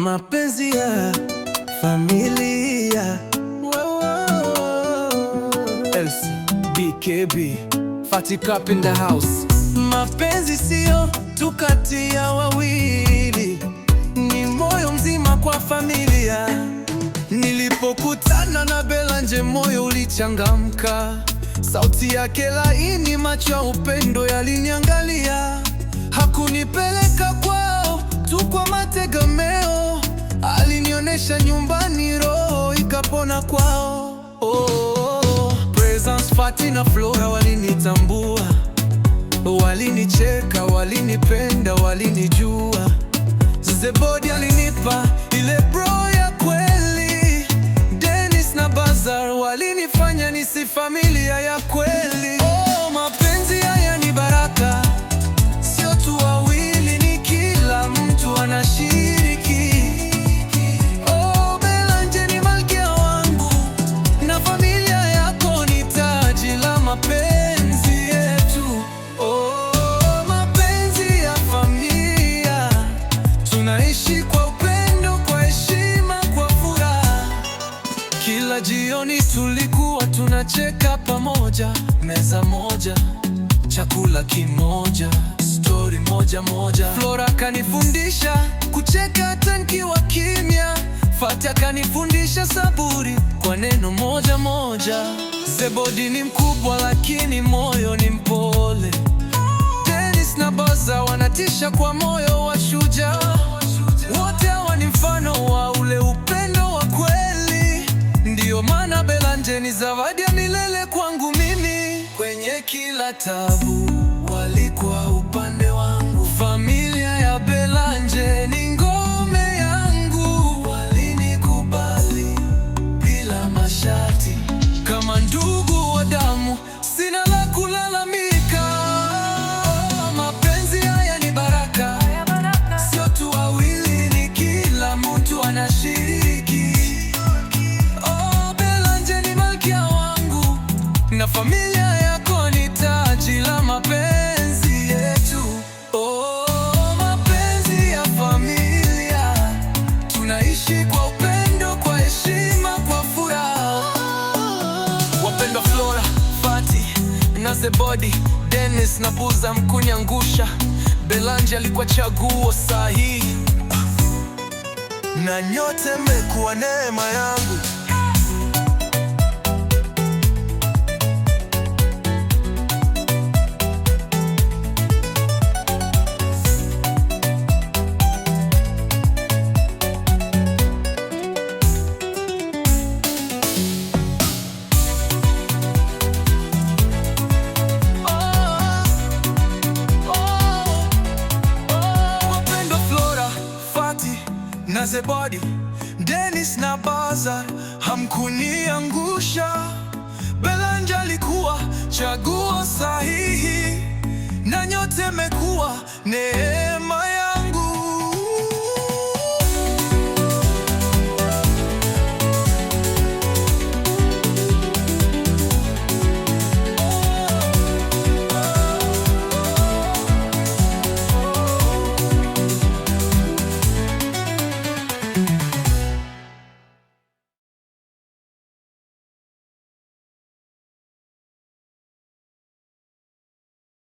Mapenzi ya familia BKB Fati Cup in the house. Mapenzi sio tu kati ya wawili, ni moyo mzima kwa familia. Nilipokutana na nje moyo ulichangamka, sauti yake laini, macho ya upendo yaliniangalia, hakunipeleka kwa Tuko mategemeo, alinionyesha nyumbani, roho ikapona kwao. Oh, Presence Fati na Flora walinitambua, walinicheka, walinipenda, walinijua. Zebodi alinipa ile bro ya kweli. Dennis na Bazar walinifanya nisifami Jioni tulikuwa tunacheka pamoja, meza moja, chakula kimoja, stori moja moja. Flora kanifundisha kucheka hata nikiwa kimya. Fatia kanifundisha saburi kwa neno moja moja. sebodi ni mkubwa lakini moyo ni mpole. Dennis na Baza wanatisha kwa moyo wa shujaa. ni zawadi ya milele kwangu mimi. Kwenye kila tabu walikuwa upande wangu familia body Dennis na Buza angusha Belanji alikuwa chaguo sahihi, na nyote mmekuwa neema yangu. na Zebodi, Dennis na Bazar hamkuniangusha. belanja alikuwa chaguo sahihi, na nyote mekuwa neema.